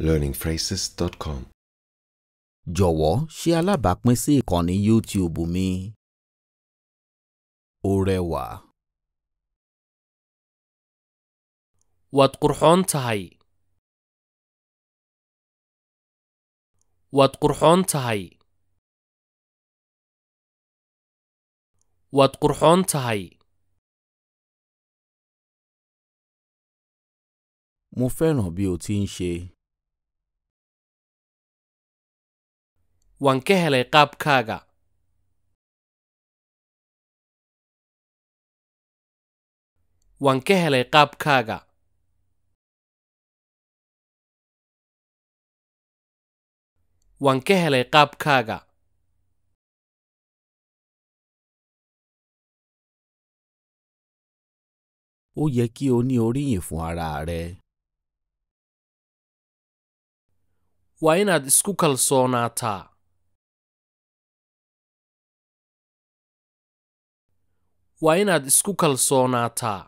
learningphrases.com. jọ̀wọ́ ṣe alábàápín sí ìkànnì youtube mi. ó rẹwà. waad qurxoon tahay. waad qurxoon tahay. waad qurxoon tahay. mo fẹ́ràn bí o ti ń ṣe. waan ka helay qaabkaaga waan ka helay qaabkaaga waan ka helay qaabkaaga ó yẹ kí o ní oríyìn fún ara rẹ. waa inaad isku kalsoonaataa waa inaad isku kalsoonaataa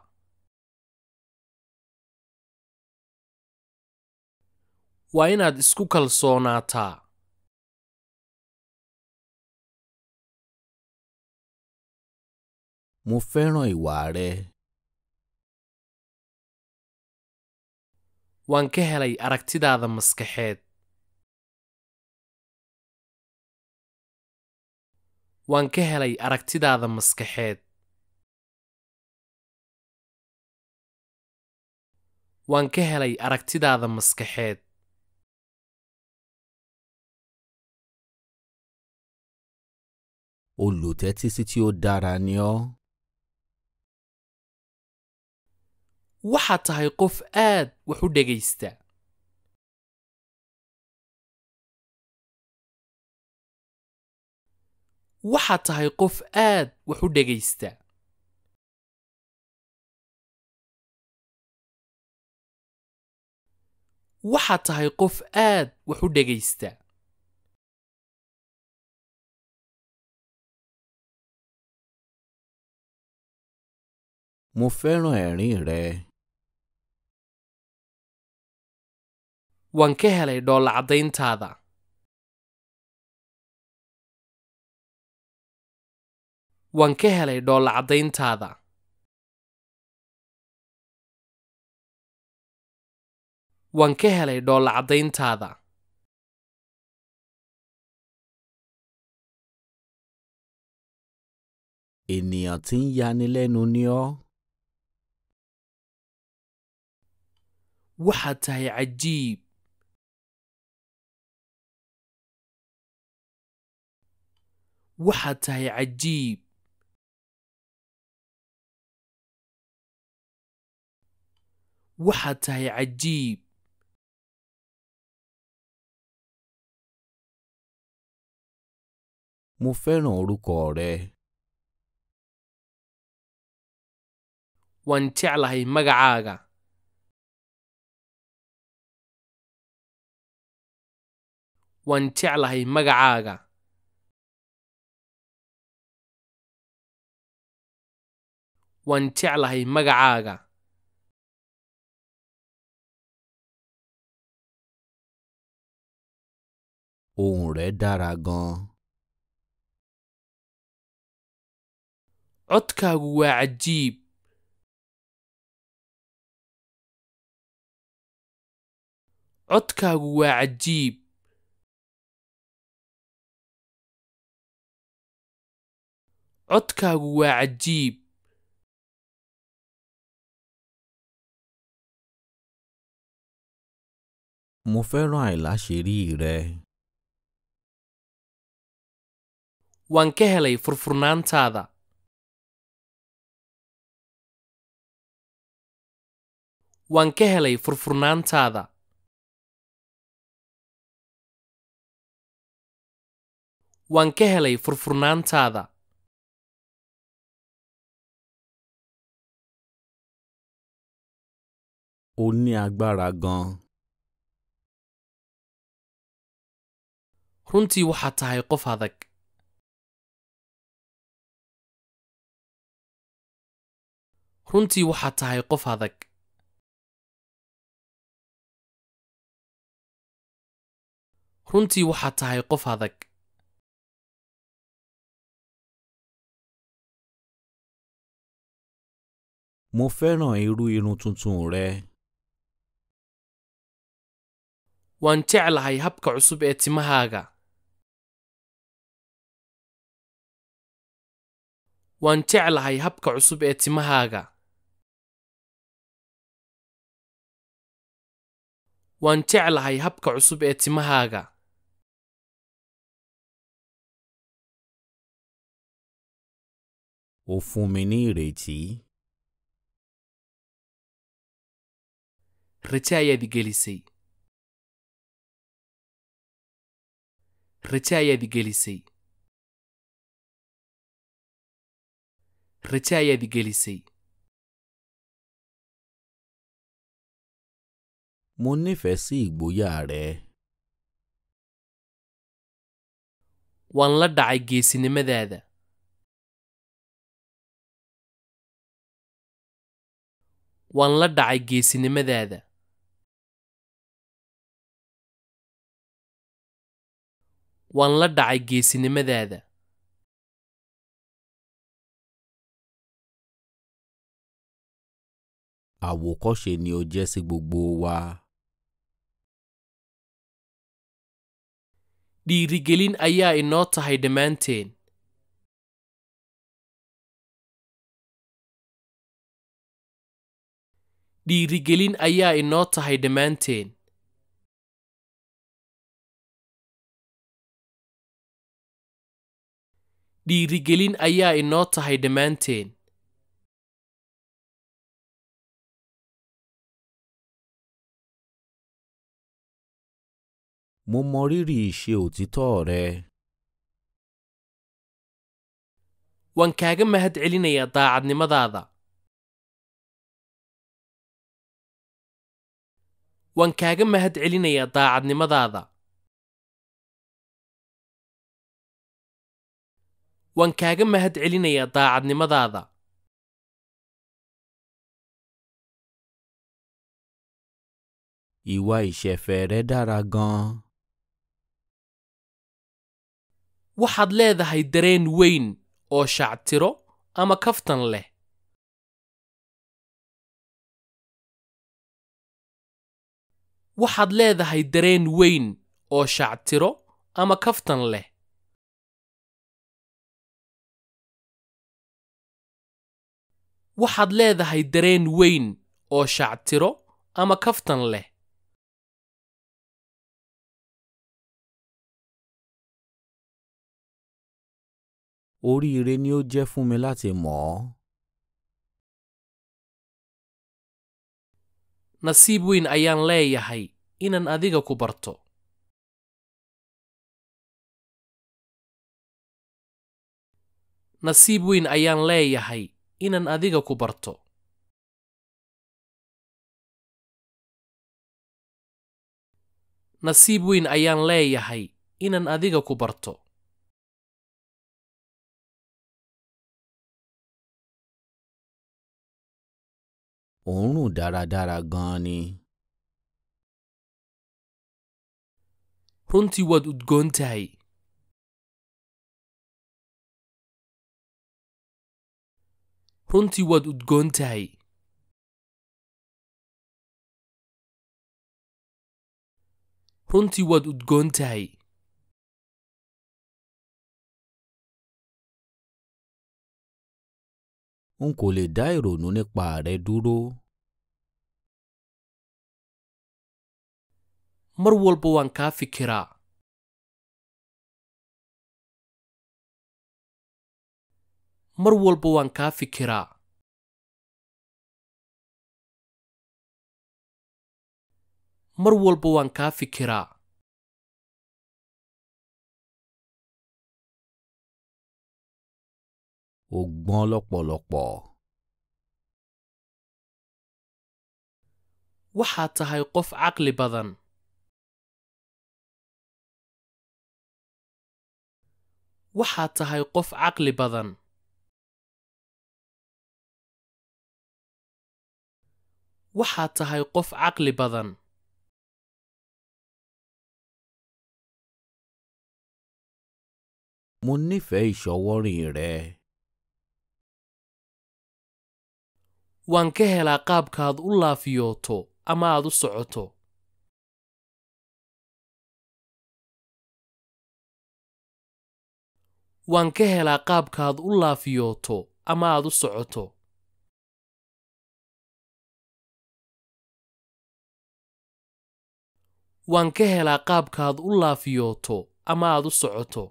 waa inaad isku kalsoonaataa mo fẹ́ràn ìwà rẹ. waan ka helay aragtidaada maskaxeed waan ka helay aragtidaada maskaxeed waan ka helay aragtidaada maskaxeed Waxaad tahay qof aad wax u dhegaysta. Waxaad tahay qof aad wax u dhegaysta. waxaad tahay qof aad wax u dhegaysta mo fẹ́ràn e ẹ̀rín rẹ. waan ka helay dhoolla caddayntaada waan ka helay dhoolla caddayntaada waan ka helay dhoolla caddayntaada ènìyàn tí ń yanilẹ́nu ni ọ́. waxaad tahay cajiib waxaad tahay cajiib waxaad tahay cajiib Mo fẹ́ràn orúkọ rẹ. Waan jeclahay magacaaga. Waan jeclahay magacaaga. Waan jeclahay magacaaga. Ohùn rẹ dára gan-an. codkaagu waa cajiib codkaagu waa cajiib codkaagu waa cajiib mo fẹ́ràn àìláṣẹ́rí rẹ. waan ka helay furfurnaantaada waan ka helay furfurnaantaada waan ka helay furfurnaantaada ó ní agbára gan runtii waxaad tahay qof adag runtii waxaad tahay qof adag runtii waxaad tahay qof adag mo fẹ́ràn irú irun tuntun rẹ. waan jeclahay habka cusub ee timahaaga waan jeclahay habka cusub ee timahaaga waan jeclahay habka cusub ee timahaaga ó fún mi ní ìrètí. Рытяя Вигелисей. Рытяя Вигелисей. Рытяя Вигелисей. Mo nífẹ̀ẹ́ Waan la dhacay geesinimadaada. waan la dhacay geesinimadaada waan la dhacay geesinimadaada àwòkọ́ṣe ni o jẹ́ sí gbogbo wa. dhiirigelin ayaa inoo tahay dhammaanteen dhiirigelin ayaa inoo tahay dhammaanteen dhiirigelin ayaa inoo tahay dhammaanteen mo mọrírì ìṣe òtítọ́ rẹ. waan kaaga mahad celinayaa daacadnimadaada waan kaaga mahad celinayaa daacadnimadaada waan kaaga mahad celinayaa daacadnimadaada ìwà ìṣẹ̀fẹ̀ rẹ waxaad leedahay dareen weyn oo shactiro ama kaftan leh waxaad leedahay dareen weyn oo shactiro ama kaftan leh waxaad leedahay dareen weyn oo shactiro ama kaftan leh oríire ni ó jẹ́ fún mi láti mọ̀ ọ́. nasiib weyn ayaan leeyahay inaan adiga ku barto nasiib weyn ayaan leeyahay inaan adiga ku barto nasiib weyn ayaan leeyahay inaan adiga ku barto òórùn dáradára gan-an ni. runtii waad udgoon tahay runtii waad udgoon tahay runtii n kò lè dá ìrònú nípa rẹ dúró. mar walba waan kaa fikiraa mar walba waan kaa fikiraa mar walba waan kaa fikiraa ó gbọ́n lọ́pọ̀lọpọ̀. waxaad tahay qof caqli badan waxaad tahay qof caqli badan waxaad tahay qof caqli badan mo nífẹ̀ẹ́ ìṣọwọ́rìn rẹ. waan ka helaa qaabkaad u laafiyooto ama aad u socoto waan ka helaa qaabkaad u laafiyooto ama aad u socoto waan ka helaa qaabkaad u laafiyooto ama aad u socoto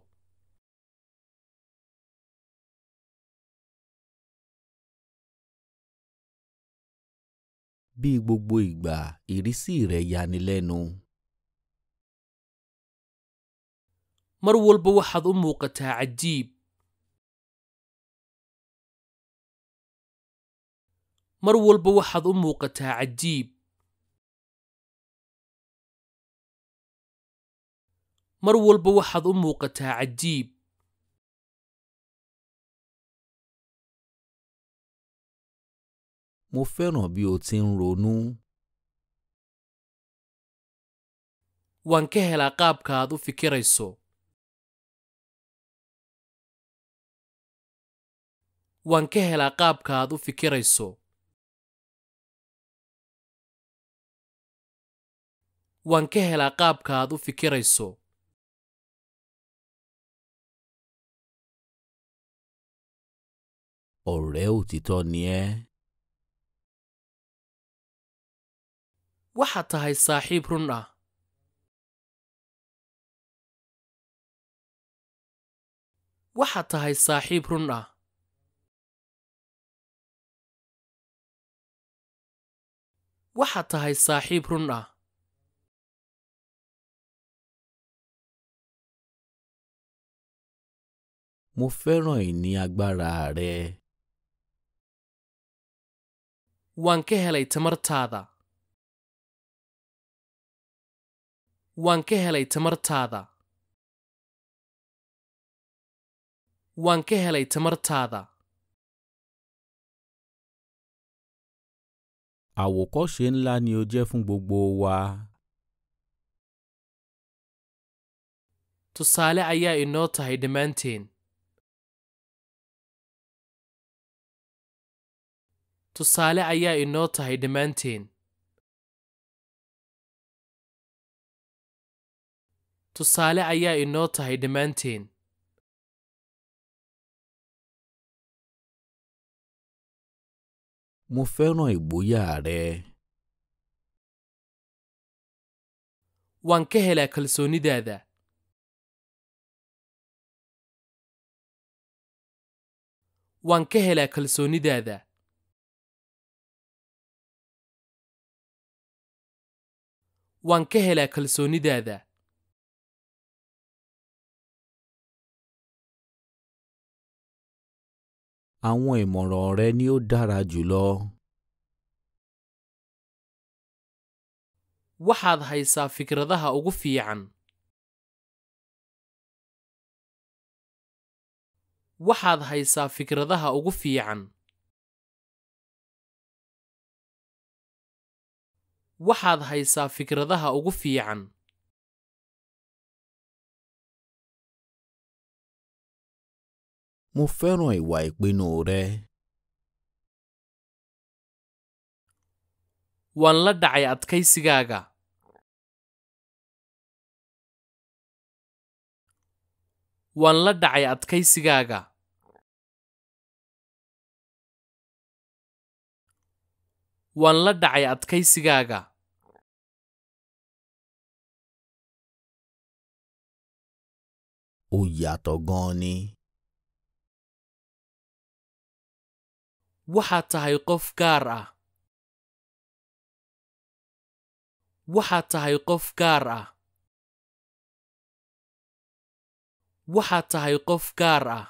bí gbogbo ìgbà ìrísí rẹ̀ yanilẹ́nu. mar walba waxaad u muuqataa cajiib mar walba waxaad u muuqataa cajiib mar walba waxaad u muuqataa cajiib Mo fẹ́ràn bí o ti ń ronú. Waan ka helaa qaabka aad u fikirayso. Waan ka helaa qaabka aad u fikirayso. Waan ka helaa qaabka aad u fikirayso. Ọ̀rẹ́ òtítọ́ ni ẹ́. waxaad tahay saaxiib run ah waxaad tahay saaxiib run ah waxaad tahay saaxiib run ah mo fẹ́ràn ìní agbára rẹ. waan ka helay tamartaada waan ka helay tamartaada waan ka helay tamartaada àwòkọ́ṣe ńlá ni o jẹ́ fún gbogbo wa. tusaale ayaa inoo tahay dhammaanteen tusaale ayaa inoo tahay dhammaanteen tusaale ayaa inoo tahay dhammaanteen mo waan ka helaa kalsoonidaada. waan ka helaa kalsoonidaada. waan ka helaa kalsoonidaada. àwọn ìmọ̀ràn rẹ ni ó dára jùlọ. waxaad haysaa fikradaha ugu fiican. waxaad haysaa fikradaha ugu fiican. waxaad haysaa fikradaha ugu fiican. Mo fẹ́ràn ìwà ìpinnu rẹ. Waan la dhacay adkaysigaaga. Waan la dhacay adkaysigaaga. Waan la dhacay adkaysigaaga. Ó yàtọ̀ gan waxaad tahay qof gaar ah waxaad tahay qof gaar ah waxaad tahay qof gaar ah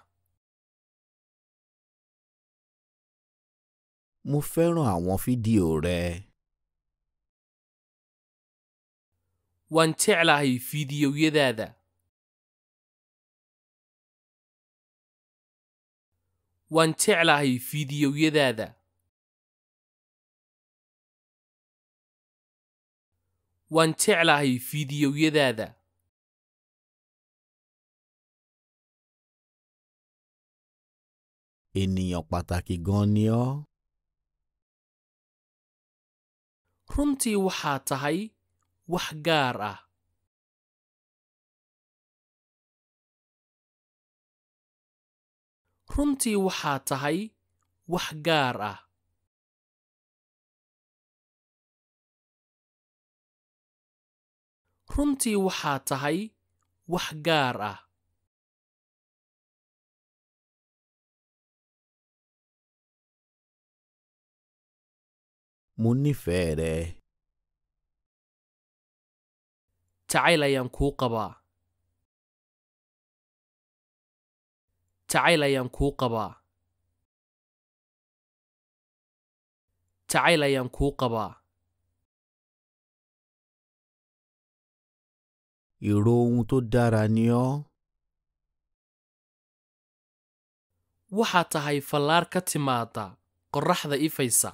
mo fẹ́ràn àwọn fídíò rẹ. waan jeclahay fiidiyowyadaada waan jeclahay fiidiyowyadaada waan jeclahay fiidiyowyadaada ènìyàn pàtàkì gan ni ọ́. runtii waxaa tahay wax gaar ah runtii waxaa tahay wax gaar ah runtii waxaa tahay wax gaar ah mo nífẹ̀ẹ́ ayaan kuu qabaa jacayl ayaan kuu qabaa jacayl ayaan kuu qabaa èrò ohun tó dára ni ọ́. waxaad tahay fallaar ka timaada qorraxda ifaysa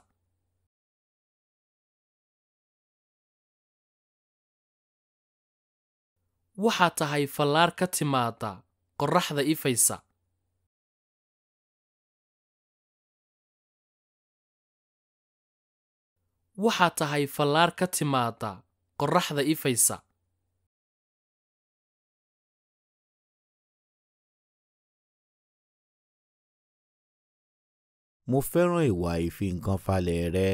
waxaa tahay fallaar ka timaada qorraxda ifaysa waxaa tahay fallaar ka timaada qorraxda ifaysa mo fẹ́ràn ìwà ìfi falẹ̀ rẹ.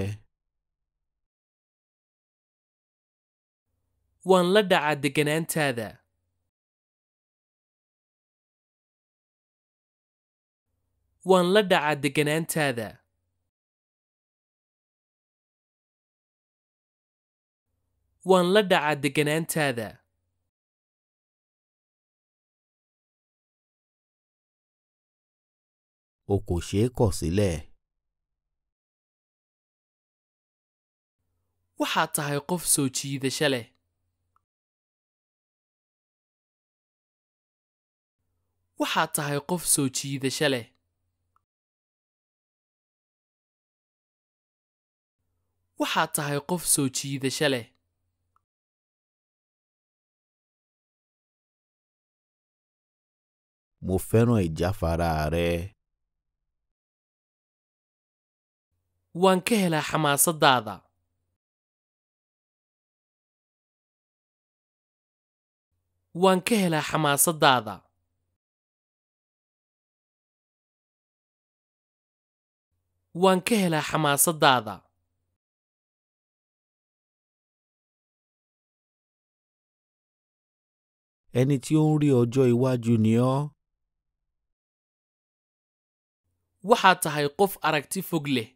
waan la dhacaa deganaantaada. waan la dhacaa deganaantaada. waan la dhacaa deganaantaada o kò ṣeé kọ̀ sílẹ̀. waxaad tahay qof soo jiidasho leh waxaad tahay qof soo jiidasho leh waxaad tahay qof soo jiidasho leh Mo fẹ́ràn ìjáfara rẹ. Waan ka helaa xamaasadaada. Waan ka helaa xamaasadaada. Waan ka helaa xamaasadaada. Ẹni tí ó ń rí ọjọ́ iwájú ni ọ́. waxaad tahay qof aragti fog leh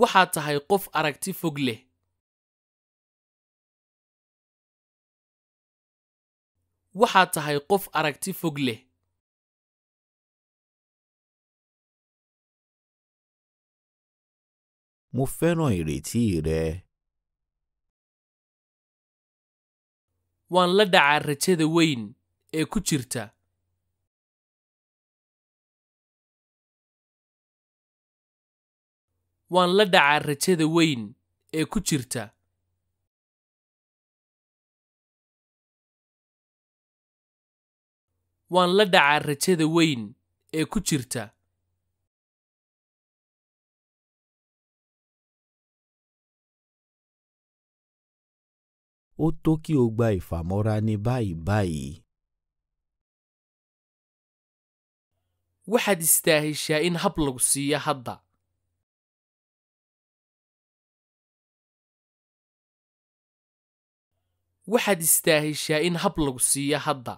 waxaad tahay qof aragti fog leh waxaad tahay qof aragti fog leh mo fẹ́ràn ìrètí rẹ. waan la dhacaa rajada weyn ee ku jirta waan la dhacaa rajada weyn ee ku jirta waan la dhacaa rajada weyn ee ku jirta ó tó kí o gba ìfàmọ́ra ní báyìí báyìí. waxaad istaahishaa in hab lagu siiyo hadda waxaad istaahishaa in hab lagu siiyo hadda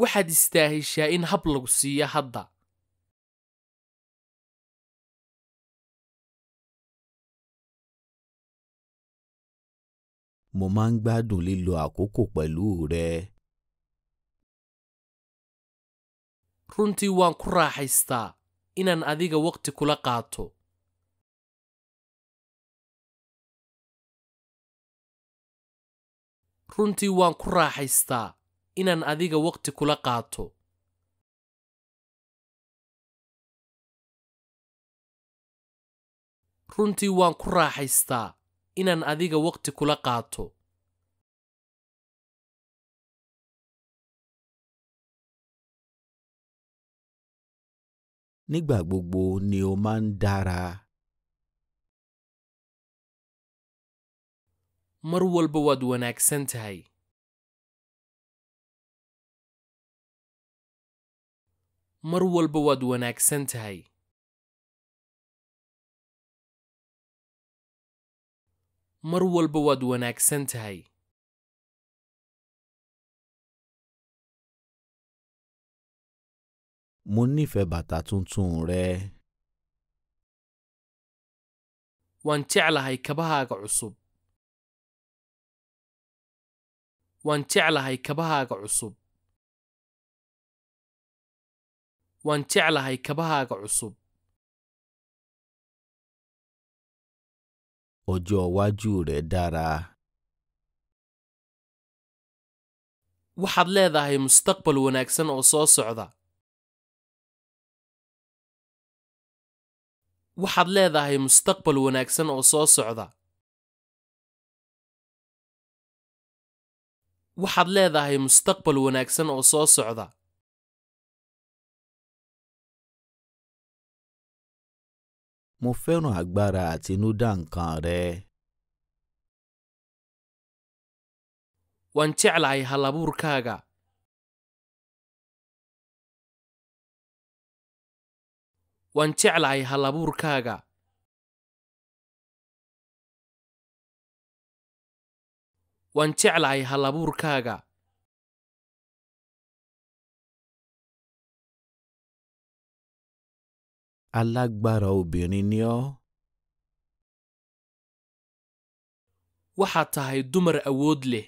waxaad istaahishaa in hab lagu siiyo hadda mo máa ń gbádùn lílo àkókò pẹ̀lú rẹ. runtii waan ku raaxaystaa inaan adiga waqti kula qaato runtii waan ku raaxaystaa inaan adiga waqti kula qaato runtii waan ku raaxaystaa inaan adiga waqti kula qaato nígbà gbogbo ni o máa ń dára. mar walba waad wanaagsan tahay. mar walba waad wanaagsan tahay mar walba waad wanaagsan tahay mo nífẹ̀ẹ́ bàtà tuntun rẹ. waan jeclahay kabahaaga cusub. waan jeclahay kabahaaga cusub. waan jeclahay kabahaaga cusub. ọjọ́ iwájú rẹ̀ dára. waxaad leedahay mustaqbal wanaagsan oo soo socda waxaad leedahay mustaqbal wanaagsan oo soo socda waxaad leedahay mustaqbal wanaagsan oo soo socda Mo fẹ́ràn agbára àtinúdá nǹkan rẹ. Waan jeclahay halabuurkaaga. Waan jeclahay halabuurkaaga. Waan jeclahay halabuurkaaga. Alágbára obìnrin ni ọ́. Waxaad tahay dumar awood leh.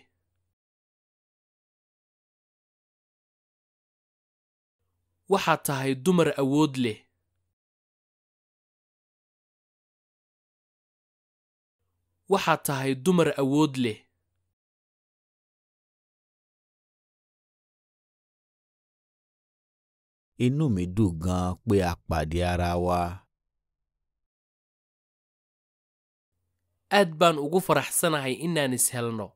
Waxaad tahay dumar awood leh. Waxaad tahay dumar awood leh. inú mi dùn gan pé a pàdé ara wa. aad baan ugu faraxsanahay inaan ishelno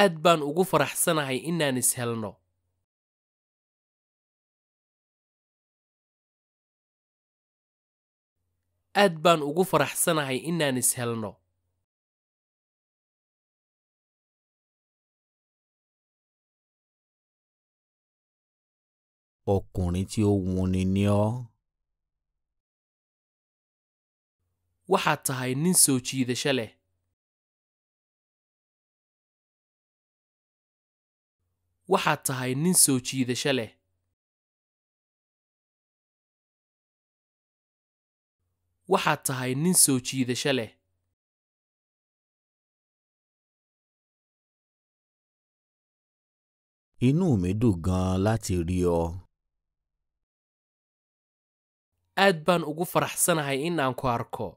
aad baan ugu faraxsanahay inaan ishelno aad baan ugu faraxsanahay inaan ishelno ọkùnrin tí ó wuni ni ọ́. waxaad tahay nin soo jiidasho leh waxaad tahay nin soo jiidasho leh waxaad tahay nin soo jiidasho leh inú mi dùn gan-an láti rí ọ. aad baan ugu faraxsanahay in aan ku arko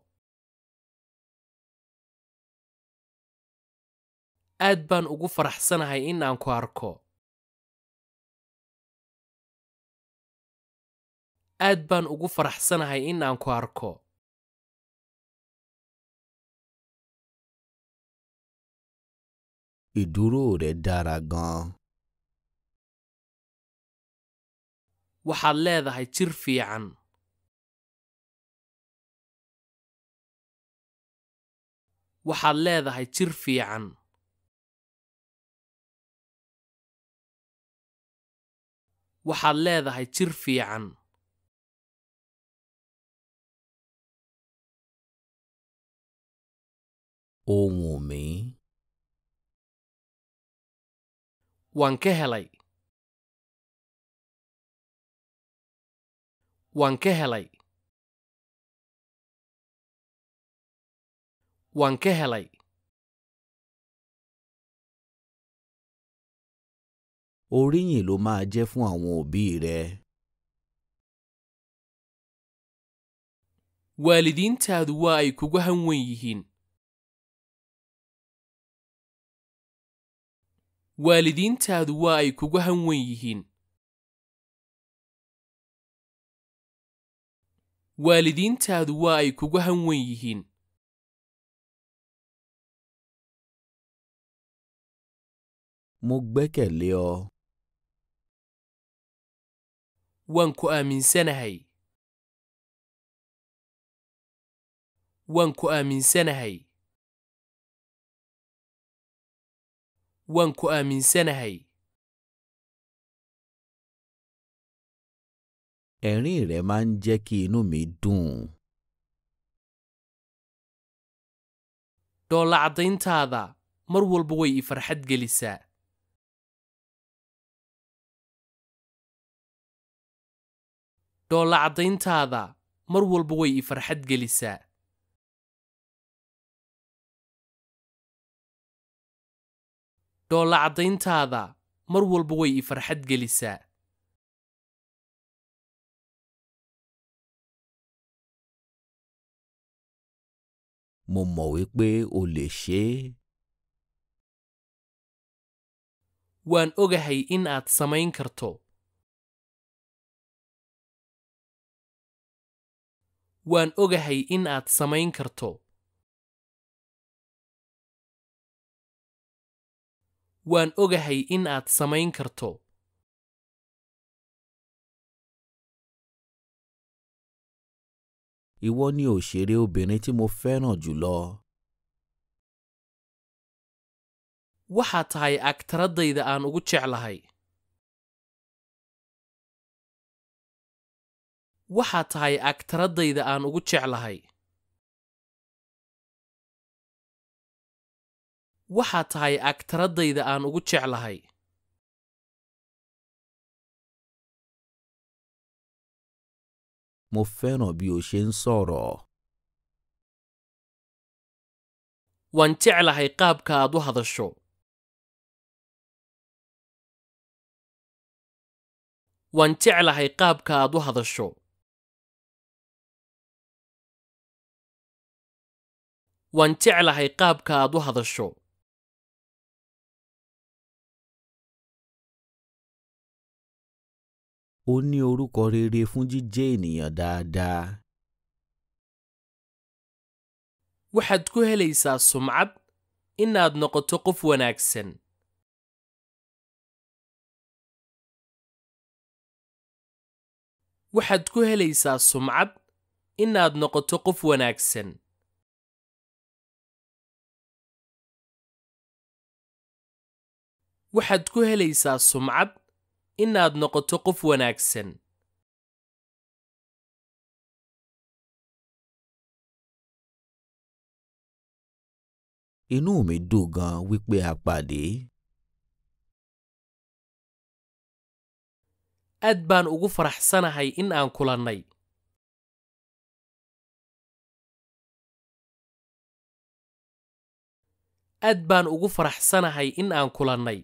aad baan ugu faraxsanahay in aan ku arko aad baan ugu faraxsanahay in aan ku arko waxaad leedahay jir fiican waxaad leedahay jir fiican waxaad leedahay jir fiican waan ka helay waan ka helay waan ka helay oríyìn ló máa jẹ́ fún àwọn òbí rẹ. waalidiintaadu waa ay kugu hanwen yihiin. waalidiintaadu waa ay kugu hanwen yihiin. waalidiintaadu waa ay kugu hanwen yihiin. mo gbẹ́kẹ̀lé ọ. waan ku aaminsanahay. waan ku aaminsanahay. waan ku aaminsanahay. ẹ̀rín rẹ̀ máa ń jẹ́ kí inú mi dùn. dhoolacadayntaada mar walba way i farxad gelisaa dhoolla caddayntaada mar walba way i farxad gelisaa dhoolla caddayntaada mar walba way i farxad gelisaa mo mọ̀ wípé o lè ṣe waan ogahay in aad samayn karto waan ogahay in aad samayn karto waan ogahay in aad samayn karto ìwọ ni òṣèré obìnrin tí mo fẹ́ràn jùlọ. waxaa tahay agtaraddayda aan ugu jeclahay waxaa tahay agtaraddayda aan ugu jeclahay waxaa tahay agtaraddayda aan ugu jeclahay waan jeclahay qaabka aad u hadasho waan jeclahay qaabka aad u hadasho waan jeclahay qaabka aad u hadasho ó ní orúkọ rere fún jíjẹ́ ènìyàn dáadáa. waxaad ku helaysaa sumcad inaad noqoto qof wanaagsan. waxaad ku helaysaa sumcad inaad noqoto qof wanaagsan waxaad ku helaysaa sumcad inaad noqoto qof wanaagsan inú mi dùn gan wípé a aad baan ugu faraxsanahay in aan kulannay. aad baan ugu faraxsanahay in aan kulannay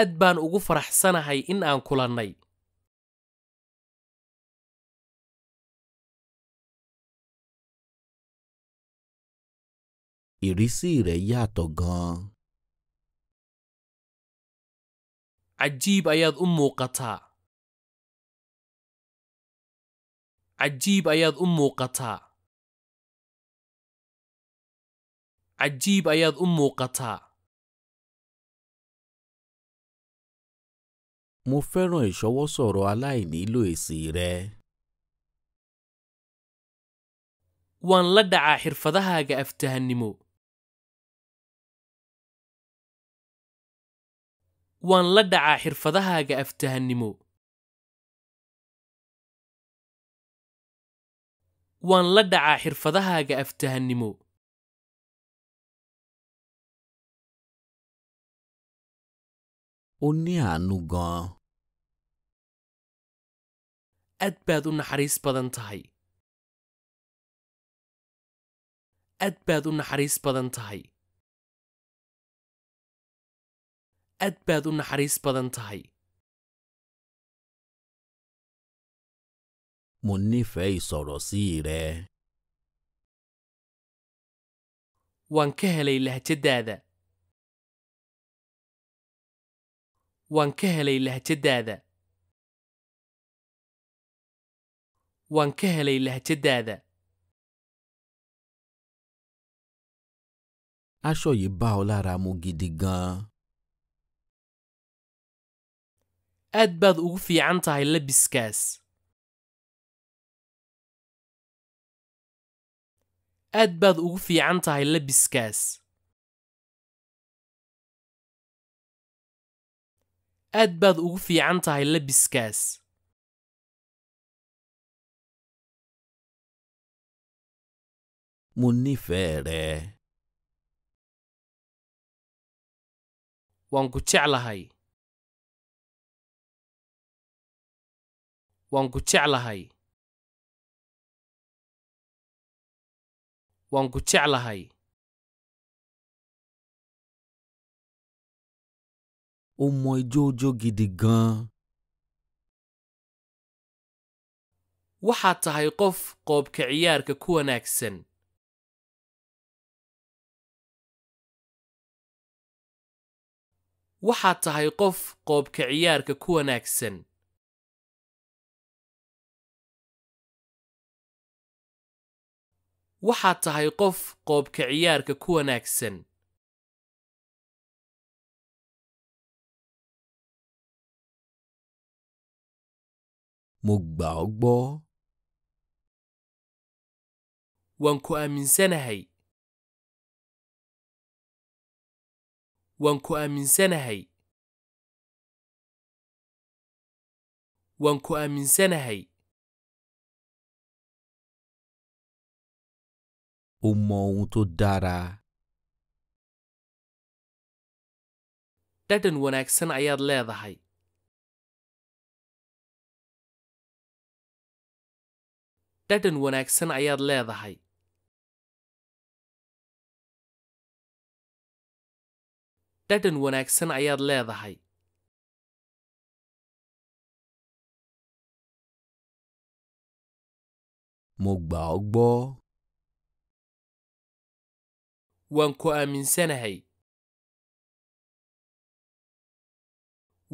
aad baan ugu faraxsanahay in aan kulannay cajiib ayaad u muuqataa. cajiib ayaad u muuqataa. cajiib ayaad u muuqataa. Mo fẹ́ràn ìṣọwọ́sọ̀rọ̀ aláìnílò èsì rẹ. Waan la dhacaa xirfadahaaga aftahannimo. Waan la dhacaa xirfadahaaga aftahannimo. Waan la dhacaa xirfadahaaga aftahannimo. ó ní àánú gan-an. aad baad u naxariis badan tahay aad baad u naxariis badan tahay aad baad u naxariis badan tahay mo nífẹ̀ẹ́ ìsọ̀rọ̀ sí rẹ. waan ka helay lahjadaada waan ka helay lahjadaada waan ka helay lahjadaada aṣọ yìí bá ọ lára mu gidi gan-an. aad baad ugu fiican tahay labiskaas. aad baad ugu fiican tahay labiskaas. aad baad ugu fiican tahay labiskaas mo waan ku jeclahay waan ku jeclahay waan ku jeclahay ó mọ ijó jó gidi gan waxaad tahay qof qoobka ciyaarka ku wanaagsan waxaad tahay qof qoobka ciyaarka ku wanaagsan waxaad tahay qof qoobka ciyaarka ku wanaagsan mo gbà ọ́ gbọ́. waan ku aaminsanahay waan ku aaminsanahay waan ku aaminsanahay ó mọ ohun tó dára. dhadhan wanaagsan ayaad leedahay dhadhan wanaagsan ayaad leedahay dhadhan wanaagsan ayaad leedahay mo gbà ọ́ gbọ́ waan ku aaminsanahay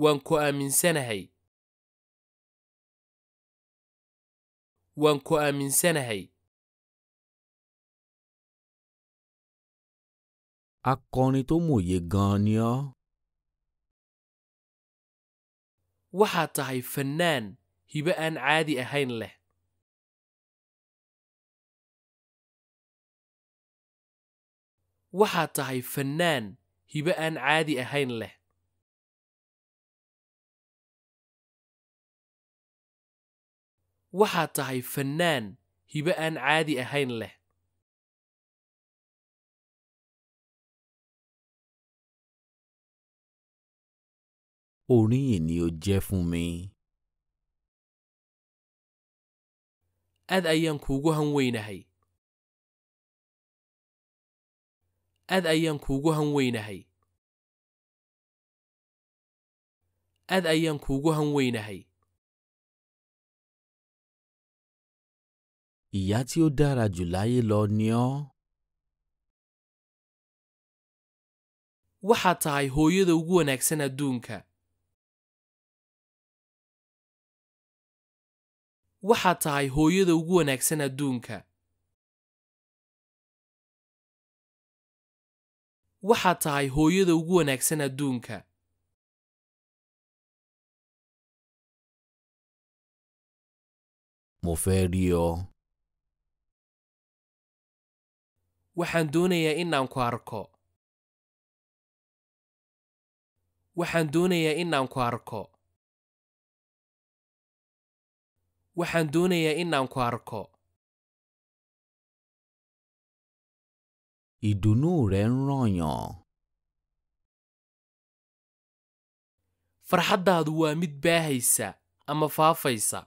waan ku aaminsanahay waan ku aaminsanahay waxaa tahay fannaan hibe aan caadi ahayn leh waxaa tahay fannaan hibe aan caadi ahayn leh waxaad tahay fannaan hibe aan caadi ahayn leh aad ayaan kuugu han weynahay aad ayaan kuugu han weynahay aad ayaan kuugu han weynahay ìyá tí ó dára jù láyé lọ ni ọ́. waxaad tahay hooyada ugu wanaagsan adduunka waxaad tahay hooyada ugu wanaagsan adduunka waxaad tahay hooyada ugu wanaagsan adduunka mo fẹ́ rí waxaan doonayaa inaan ku arko waxaan doonayaa inaan ku arko waxaan doonayaa inaan ku arko ìdùnnú rẹ̀ ń farxaddaadu waa mid baahaysa ama faafaysa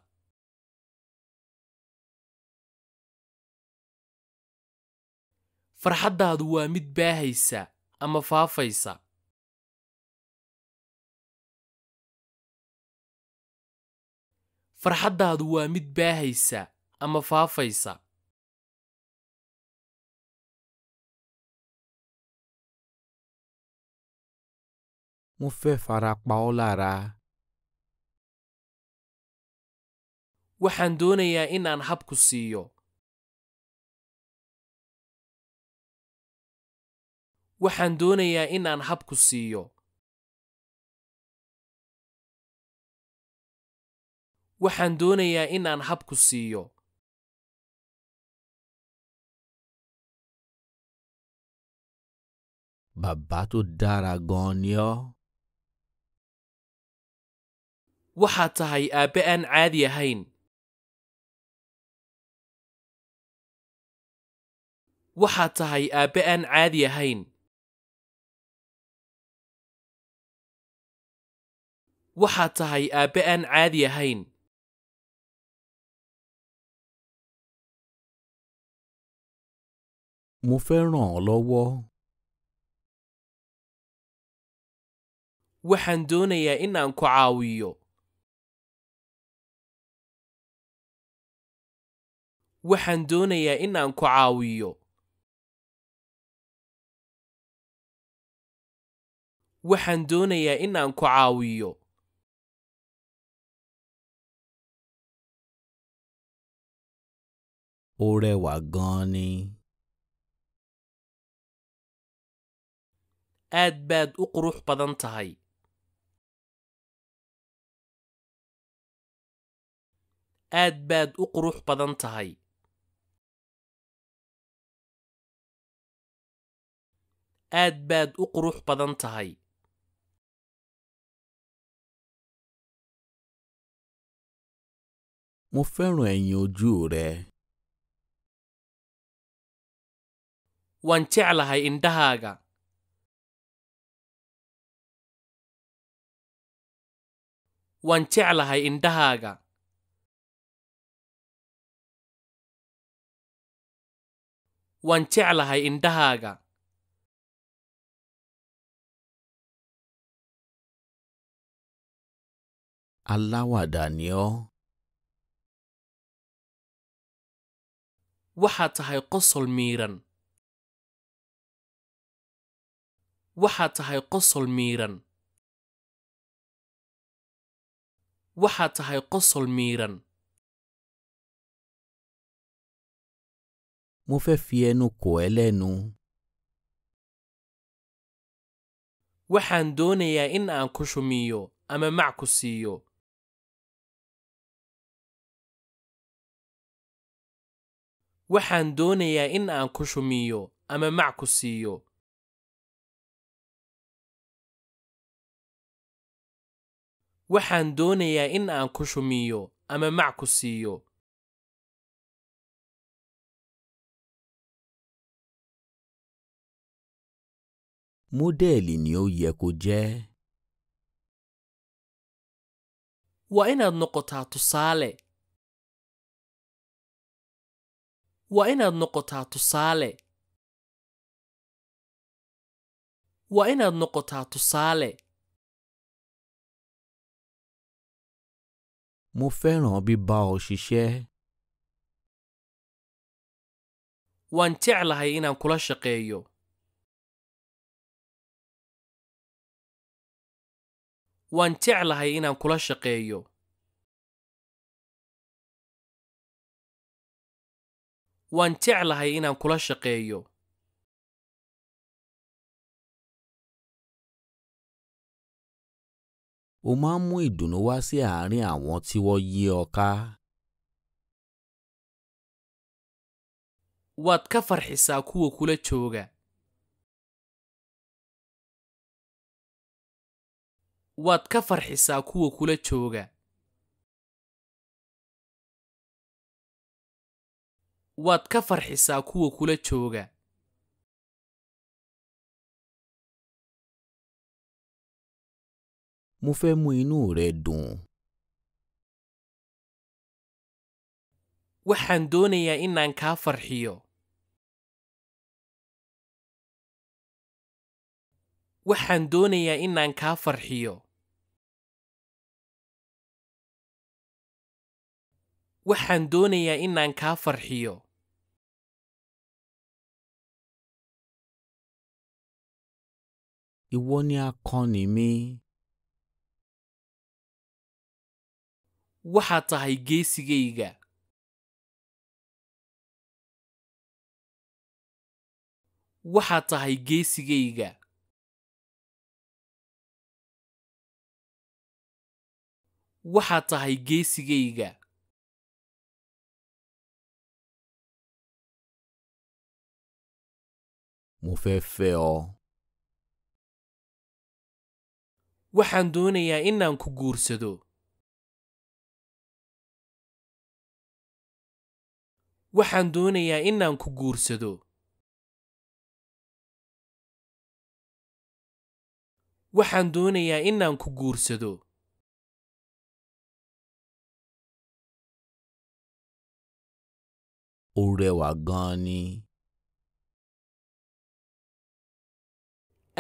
farxaddaadu waa mid baahaysa ama faafaysa farxaddaadu waa mid baahaysa ama faafaysa mo fẹ́ fara pa ọ́ lára. waxaan doonayaa inaan habku siiyo waxaan doonayaa inaan habku siiyo waxaan doonayaa inaan habku siiyo babbatu daragonyo waxaad tahay aabbe aan caadi ahayn waxaad tahay aabbe aan caadi ahayn waxaad tahay aabbe aan caadi ahayn mo fẹ́ ọ́ lọ́wọ́. waxaan doonayaa in aan ku caawiyo. waxaan doonayaa in aan ku caawiyo. waxaan doonayaa in aan ku caawiyo. ó rẹwà gan ni. aad baad u qurux badan tahay. aad baad u qurux badan tahay. aad baad u qurux badan tahay. mo fẹ́ràn ẹ̀yìn ojú rẹ. waan jeclahay indhahaaga waan jeclahay indhahaaga waan jeclahay indhahaaga allah waa ọ́. waxaad tahay qosol miiran waxaad tahay qosol miiran waxaad tahay qosol miiran mo fẹ́ waxaan doonayaa in aan ku shumiyo ama mac ku siiyo waxaan doonayaa in aan ku shumiyo ama mac ku siiyo waxaan doonayaa in aan ku shumiyo ama mac ku siiyo mọ́dẹ́ẹ̀lì ni ó yẹ kó jẹ́. waa inaad noqotaa tusaale waa inaad noqotaa tusaale waa inaad noqotaa tusaale Mo fẹ́ràn bíbá ọ ṣiṣẹ́. Waan jeclahay inaan kula shaqeeyo. Waan jeclahay inaan kula shaqeeyo. Waan jeclahay inaan kula shaqeeyo. ó máa ń mú ìdùnnú wá sí àárín àwọn tí wọ́n yí ọ ká. waad ka farxisaa kuwa kula jooga waad ka farxisaa kuwa kula jooga waad ka farxisaa kuwa kula jooga mo fẹ́ mú inú rẹ dùn. waxaan doonayaa inaan kaa farxiyo waxaan doonayaa inaan kaa farxiyo waxaan doonayaa inaan kaa farxiyo ìwọ ni akọni mi. waxaad tahay geesigayga waxaad tahay geesigayga waxaad tahay geesigayga mufefeo waxaan doonayaa inaan ku guursado waxaan doonayaa inaan ku guursado waxaan doonayaa inaan ku guursado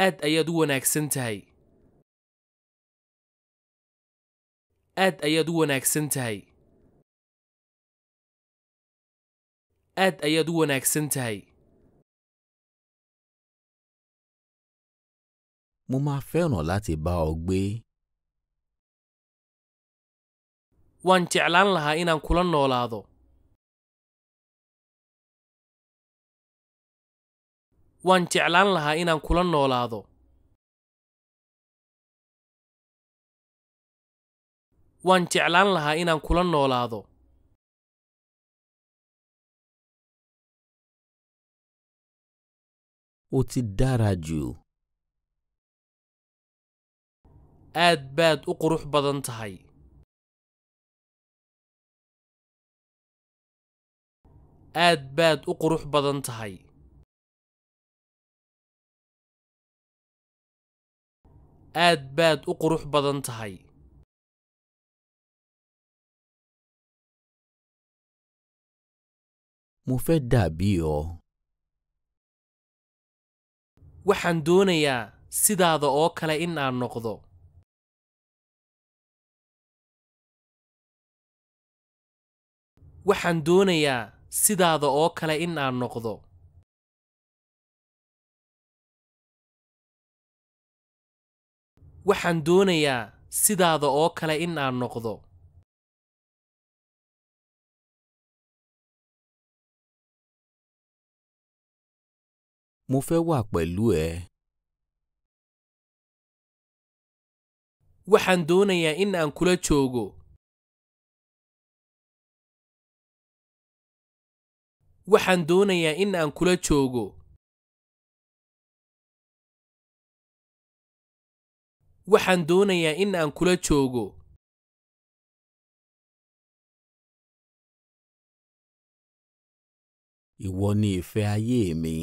aad ayaad u wanaagsan tahay aad ayaad u wanaagsan tahay aad ayaad u wanaagsan tahay mo máa fẹ́ràn láti bá ọ gbé. waan jeclaan lahaa inaan kula noolaado. waan jeclaan lahaa inaan kula noolaado. waan jeclaan lahaa inaan kula noolaado ó ti dára jù. aad baad u qurux badan tahay. aad baad u qurux badan tahay. aad baad u qurux badan tahay. mo fẹ́ dàbí ọ waxaan doonayaa sidaada oo kale in aan noqdo waxaan doonayaa sidaada oo kale in aan noqdo waxaan doonayaa sidaada oo kale in aan noqdo mo fẹ́ wà pẹ̀lú ẹ. waxaan doonayaa in aan kula joogo. waxaan doonayaa in aan kula joogo. waxaan doonayaa in aan kula joogo. ìwọ ni ìfẹ́ ayé mi.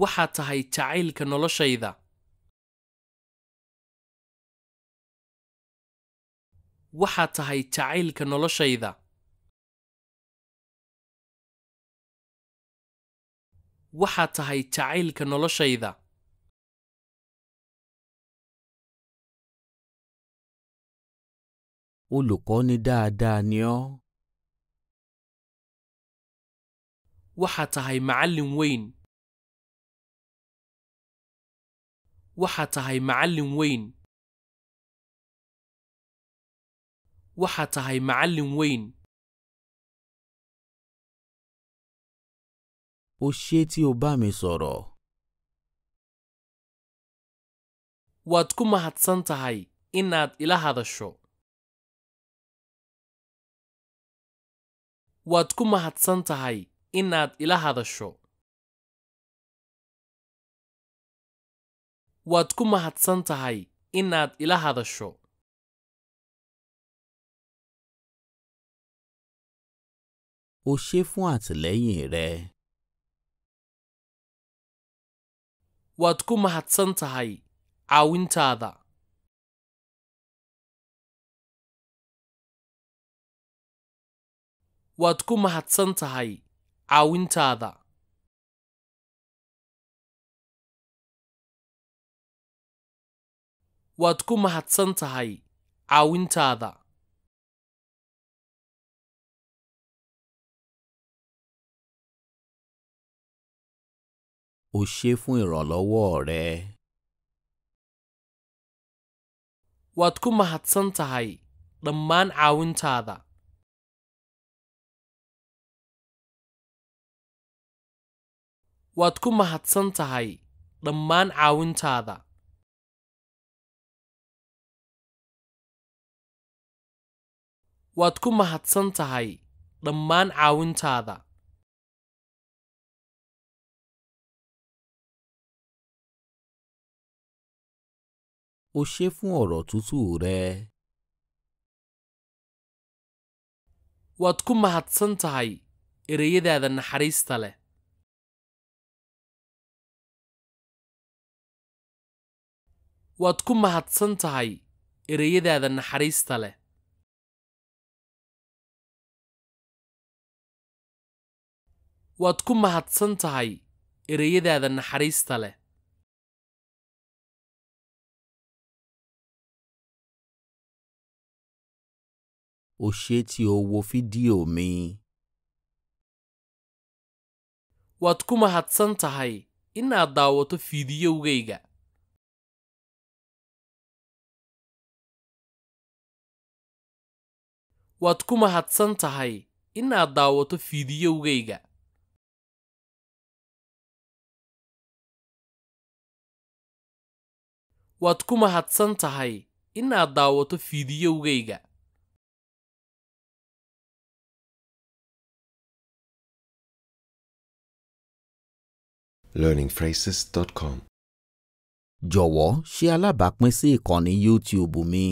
waxaad tahay jacaylka noloshayda waxaad tahay jacaylka noloshayda waxaad tahay jacaylka noloshayda olùkọ́ni dáadáa ni waxaad tahay macallin weyn waxaad tahay macallin weyn waxaad tahay macallin weyn ó ṣé tí o bá mi sọ̀rọ̀. waad ku mahadsan tahay inaad ila hadasho waad ku mahadsan tahay inaad ila hadasho waad ku mahadsan tahay inaad ila hadasho o ṣé fún àtìlẹ́yìn rẹ. waad ku mahadsan tahay caawintaada waad ku mahadsan tahay caawintaada waad ku mahadsan tahay caawintaada o ṣé fún ìrànlọ́wọ́ rẹ. waad ku mahadsan tahay dhammaan caawintaada waad ku mahadsan tahay dhammaan caawintaada waad ku mahadsan tahay dhammaan caawintaada o ṣé fún ọ̀rọ̀ tútù rẹ. waad ku mahadsan tahay ereyadaada naxariista leh. waad ku mahadsan tahay ereyadaada naxariista leh waad ku mahadsan tahay ereyadaada naxariista leh waad ku mahadsan tahay inaad daawato fiidiyowgayga waad ku mahadsan tahay inaad daawato fiidiyowgayga waad ku mahadsan tahay inaad daawato fiidiyowgayga learningphrases.com jọ̀wọ́ ṣe alábàápín sí ìkànnì YouTube mi.